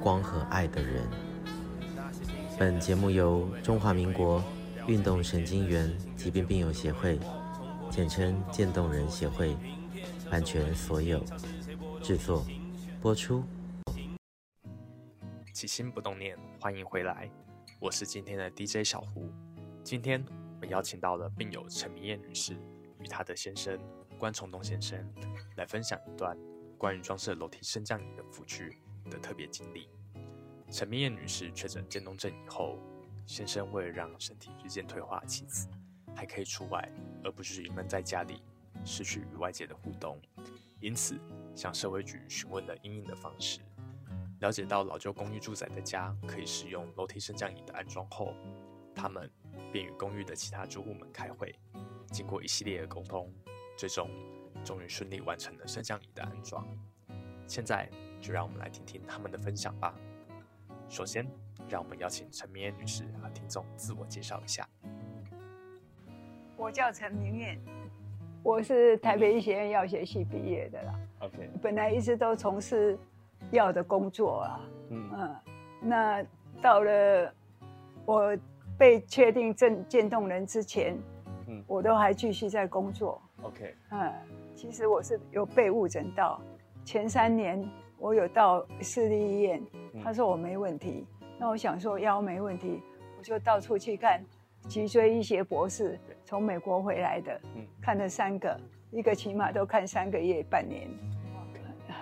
光和愛的人。本節目由中華民國運動神經元疾病病友協會，簡稱漸凍人協會，版權所有、製作、播出。起心不凍念，歡迎回來，我是今天的 DJ 小胡。今天我們邀請到了病友陳明燕女士與她的先生關重棟先生，來分享一段，關於裝設樓梯升降椅的輔具的特別經歷，陳明燕女士確診漸凍症以後，先生為了讓身體日漸退化的妻子還可以出外，而不至於悶在家裡，失去與外界的互動，因此向社會局詢問了因應的方式。了解到老舊公寓住宅的家可以使用樓梯升降椅的安裝後，他們便與公寓的其他住戶們開會，經過一系列的溝通，最終終於順利完成了升降椅的安裝。現在。就讓我們來聽聽他們的分享吧。首先，讓我們邀請陳明燕女士和聽眾自我介紹一下。我叫陳明燕，我是台北醫學院藥學系畢業的啦。OK，本來一直都從事藥的工作啊。嗯，嗯，那到了我被確定正漸凍人之前，嗯，我都還繼續在工作。OK，嗯，其實我是有被誤診到前三年。我有到市立醫院，他說我沒問題、嗯。那我想說腰沒問題，我就到處去看脊椎醫學博士，從美國回來的、嗯，看了三個，一個起碼都看三個月半年。嗯、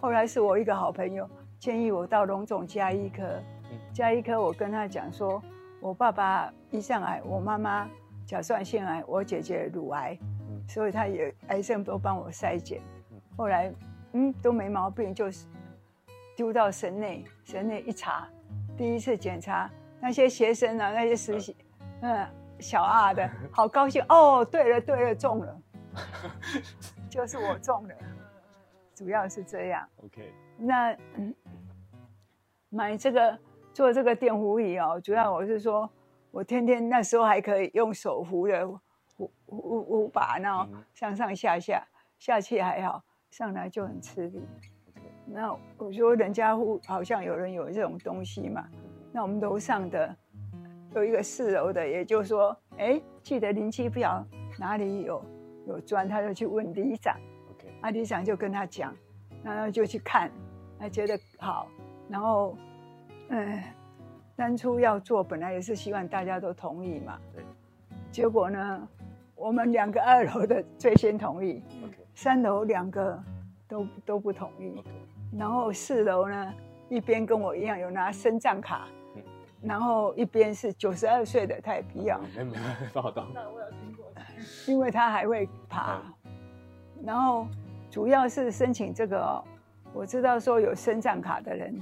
後來是我一個好朋友建議我到榮總家醫科、嗯，家醫科我跟他講說，我爸爸一上癌，我媽媽甲狀腺癌，我姐姐乳癌、嗯，所以他也癌症都幫我篩檢。嗯、後來。嗯，都沒毛病，就是丟到神內，神內一查，第一次檢查那些學生啊，那些實習、啊，嗯，小二的好高興哦，對了對了，中了， 就是我中了，主要是這樣。OK，那、嗯、買這個做這個電弧椅哦，主要我是說我天天那時候還可以用手扶的扶扶扶把，然後上上下下下去還好。上來就很吃力，okay. 那我說人家好像有人有這種東西嘛，okay. 那我們樓上的有一個四樓的，也就是說，哎、欸，記得鄰居不曉哪裡有有磚，他就去問里長，阿、okay. 啊、里長就跟他講，然後就去看，他覺得好，然後嗯、呃，當初要做本來也是希望大家都同意嘛，okay. 結果呢，我們兩個二樓的最先同意。Okay. 三樓兩個都都不同意，okay. 然後四樓呢，一邊跟我一樣有拿身障卡，嗯嗯，然後一邊是九十二歲的，他也不。要。沒、嗯嗯，沒，不好因為他還會爬，嗯，然後主要是申請這個、哦，我知道說有身障卡的人，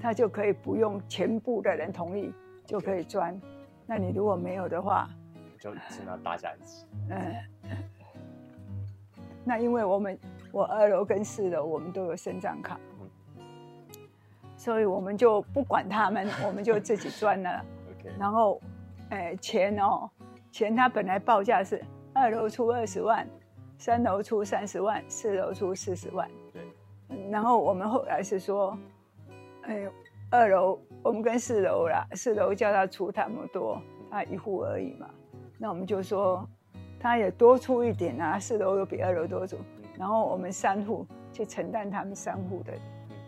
他就可以不用全部的人同意，okay. 就可以裝。那你如果沒有的話，就只能大家一起。嗯。嗯那因為我們，我二樓跟四樓我們都有身障卡，所以我們就不管他們，我們就自己賺了。 okay. 然後，哎、欸，錢哦，錢他本來報價是二樓出二十萬，三樓出三十萬，四樓出四十萬。對、okay. 嗯。然後我們後來是說，哎、欸，二樓我們跟四樓啦，四樓叫他出他那麼多，他一戶而已嘛，那我們就說。他也多出一點啊，四樓又比二樓多出，然後我們三戶去承擔他們三戶的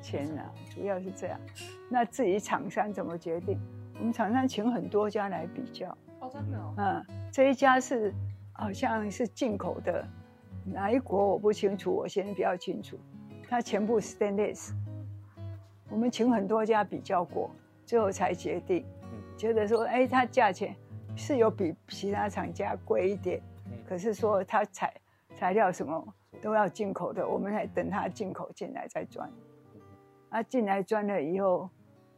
錢啊，主要是這樣。那至於廠商怎麼決定？我們廠商請很多家來比較。哦，真的哦。嗯，這一家是好像是進口的，哪一國我不清楚，我先比較清楚。他全部 standards，我們請很多家比較過，最後才決定，覺得說，哎、欸，他價錢是有比其他廠家貴一點。可是說他材材料什麼都要進口的，我們還等他進口進來再鑽啊，進來鑽了以後，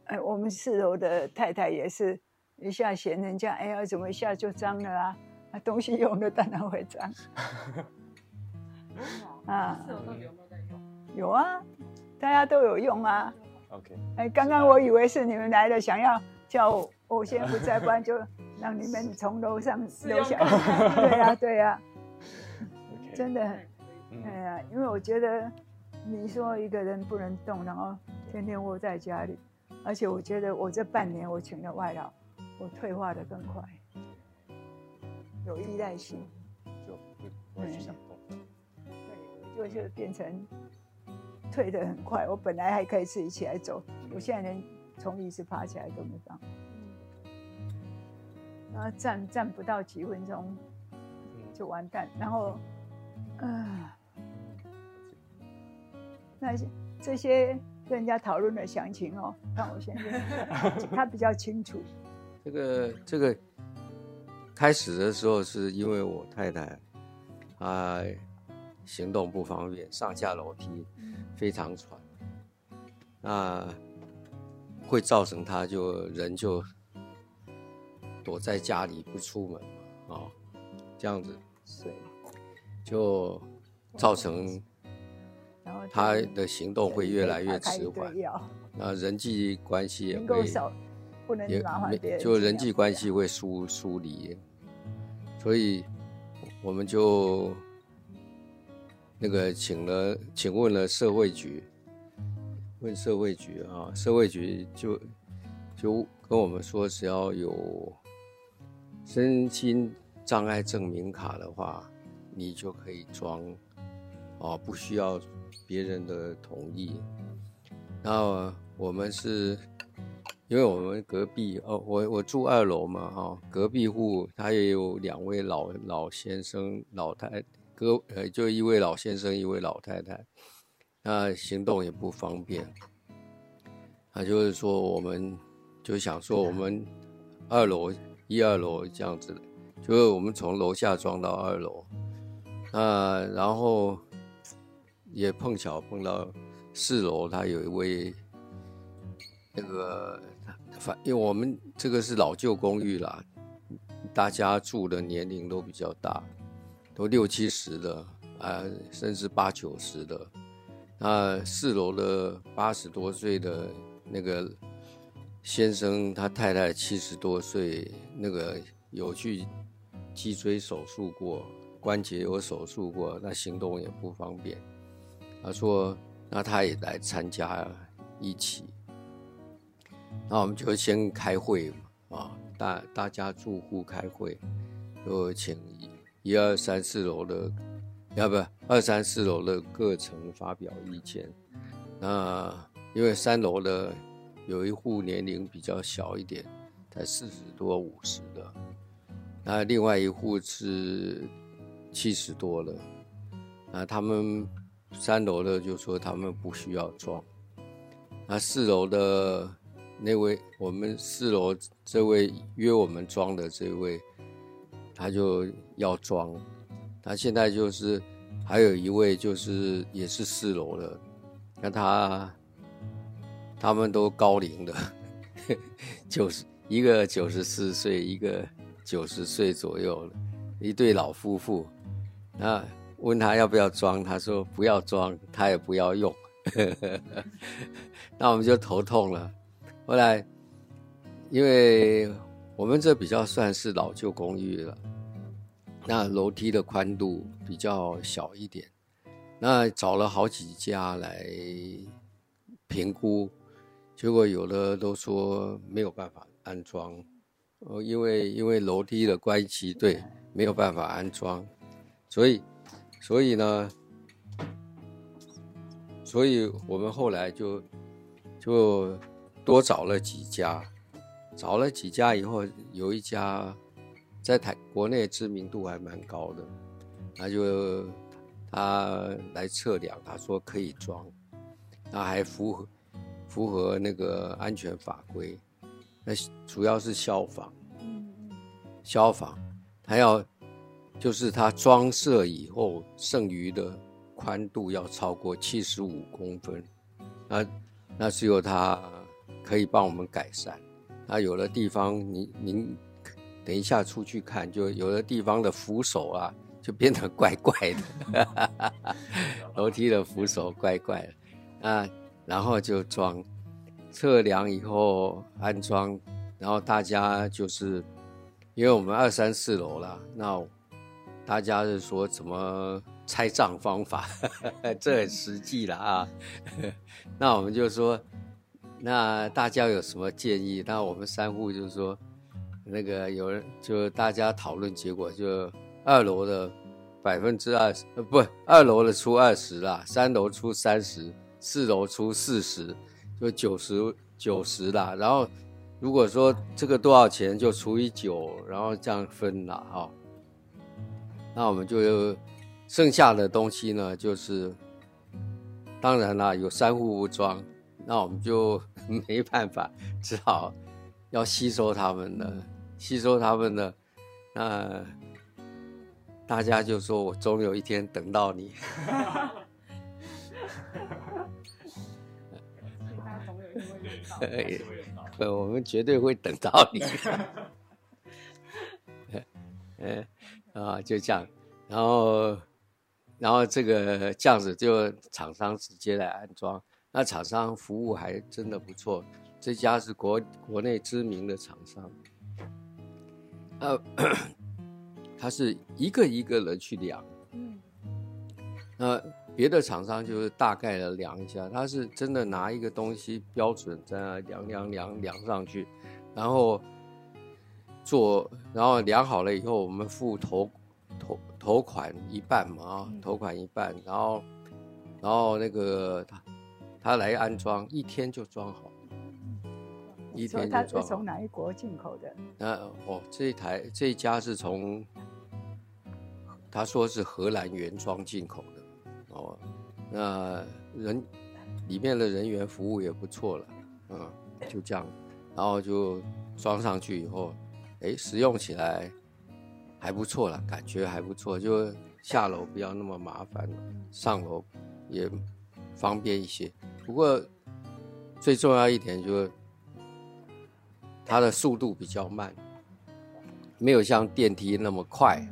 哎，我們四樓的太太也是一下嫌人家，哎呀，怎麼一下就髒了啊？啊東西用的當然會髒。 啊，四樓有在用？有啊，大家都有用啊。OK。哎，剛剛我以為是你們來了，想要叫我,我先不在，不就。 讓你們從樓上溜下來、 啊，對呀、啊，對呀、啊，okay. 真的，哎呀、啊，因為我覺得你說一個人不能動，然後天天窩在家裡，而且我覺得我這半年我請了外勞，我退化得更快，有依賴性，就不不想動，對，就，就變成退得很快。我本來還可以自己起來走，我現在連從椅子爬起來都沒辦法。啊，站站不到幾分鐘就完蛋。然後，呃，那些這些跟人家討論的詳情哦，讓我先生 他比較清楚。這個這個開始的時候是因為我太太啊、呃、行動不方便，上下樓梯非常喘，那、嗯呃、會造成他就人就。躲在家裡不出門啊，這樣子，就造成，他的行動會越來越遲緩，那人際關係也會，不能麻煩別人，就人際關係會疏疏離。所以，我們就那個請了，請問了社會局，問社會局啊，社會局就就跟我們說，只要有。身心障礙證明卡的話，你就可以裝，啊、哦，不需要別人的同意。然後我們是，因為我們隔壁哦，我我住二樓嘛，哈、哦，隔壁戶他也有兩位老老先生、老太，哥、呃、就一位老先生，一位老太太，那行動也不方便。那就是說，我們就想說，我們二樓。一二樓這樣子，就是我們從樓下裝到二樓，啊，然後也碰巧碰到四樓，他有一位那個反，因為我們這個是老舊公寓啦，大家住的年齡都比較大，都六七十的啊，甚至八九十的。啊，四樓的八十多歲的那個。先生，他太太七十多歲，那個有去脊椎手術過，關節有手術過，那行動也不方便。他說，那他也來參加一起。那我們就先開會嘛，啊，大大家住戶開會，就請一、二、三、四樓的，要不二、三、四樓的各層發表意見。那因為三樓的。有一戶年齡比較小一點，才四十多五十的，那另外一戶是七十多了，那他們三樓的就說他們不需要裝，那四樓的那位，我們四樓這位約我們裝的這位，他就要裝，那現在就是還有一位，就是也是四樓的，那他。他們都高齡了，九 十，一個九十四歲，一個九十歲左右，一對老夫婦。啊，問他要不要裝，他說不要裝，他也不要用。 那我們就頭痛了。後來，因為我們這比較算是老舊公寓了，那樓梯的寬度比較小一點，那找了好幾家來評估。結果有的都說沒有辦法安裝，呃，因為因為樓梯的關係，對，沒有辦法安裝，所以所以呢，所以我們後來就就多找了幾家，找了幾家以後，有一家在台國內知名度還蠻高的，他就他來測量，他說可以裝，他還符合。符合那個安全法規，那主要是消防、消防，它，要就是它裝設以後，剩餘的寬度要超過七十五公分，那那只有它可以幫我們改善。那有的地方，您您等一下出去看，就有的地方的扶手啊，就變得怪怪的， 樓梯的扶手怪怪的啊。然後就裝，測量以後安裝，然後大家就是，因為我們二三四樓了，那大家就說怎麼拆賬方法呵呵，這很實際了啊。那我們就說，那大家有什麼建議？那我們三戶就是說，那個有人就大家討論結果，就二樓的百分之二十，呃不，二樓的出二十啦，三樓出三十。四樓出四十，就九十九十啦。然後，如果說這個多少錢，就除以九，然後這樣分啦。哈、哦，那我們就剩下的東西呢，就是當然啦，有三戶無裝，那我們就沒辦法，只好要吸收他們了，吸收他們呢。那大家就說，我終有一天等到你。 可以， 我們絕對會等到你 嗯。嗯啊，就這樣，然後，然後這個這樣子就廠商直接來安裝。那廠商服務還真的不錯，這家是國國內知名的廠商。呃、啊，他是一個一個人去量，啊、嗯， 別的廠商就是大概的量一下，他是真的拿一個東西，標準在那量量量量量上去，然後做，然後量好了以後，我們付頭頭頭款一半嘛，啊、嗯，頭款一半，然後然後那個他他來安裝，一天就裝好，嗯、一天、嗯、他是從哪一國進口的？那哦，這一台這一家是從他說是荷蘭原裝進口的。哦，那人裡面的人員服務也不錯了，嗯，就這樣，然後就裝上去以後，哎、欸，使用起來還不錯了，感覺還不錯，就下樓不要那麼麻煩，上樓也方便一些。不過最重要一點就是它的速度比較慢，沒有像電梯那麼快。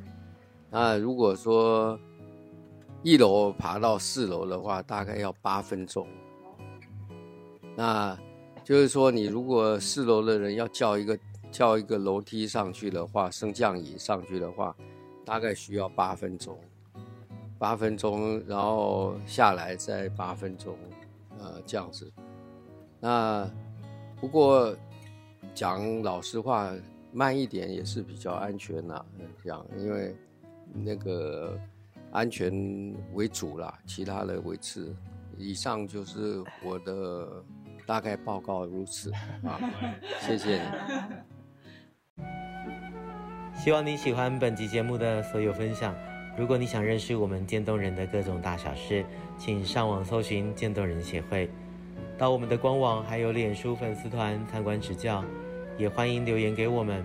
那如果說……一樓爬到四樓的話，大概要八分鐘。那就是說，你如果四樓的人要叫一個叫一個樓梯上去的話，升降椅上去的話，大概需要八分鐘，八分鐘，然後下來再八分鐘，呃，這樣子。那不過講老實話，慢一點也是比較安全吶、啊，這樣，因為那個。安全為主啦，其他的維持。以上就是我的大概報告，如此啊，謝謝。希望你喜歡本集節目的所有分享。如果你想認識我們漸凍人的各種大小事，請上網搜尋漸凍人協會，到我們的官網還有臉書粉絲團參觀指教。也歡迎留言給我們，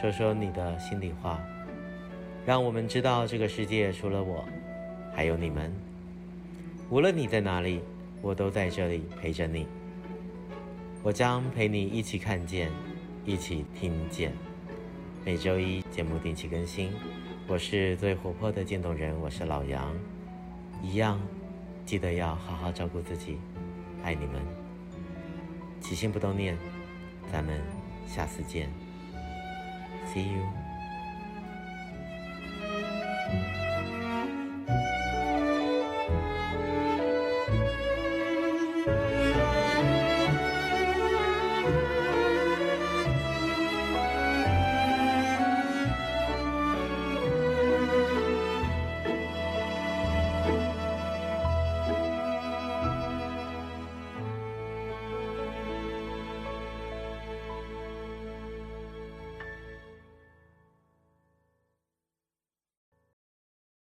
說說你的心裡話。讓我們知道這個世界除了我，還有你們。無論你在哪裡，我都在這裡陪着你。我將陪你一起看見，一起聽見。每週一節目定期更新。我是最活潑的漸凍人，我是老楊。一樣，記得要好好照顧自己。愛你們，起心不凍念，咱們下次見。See you。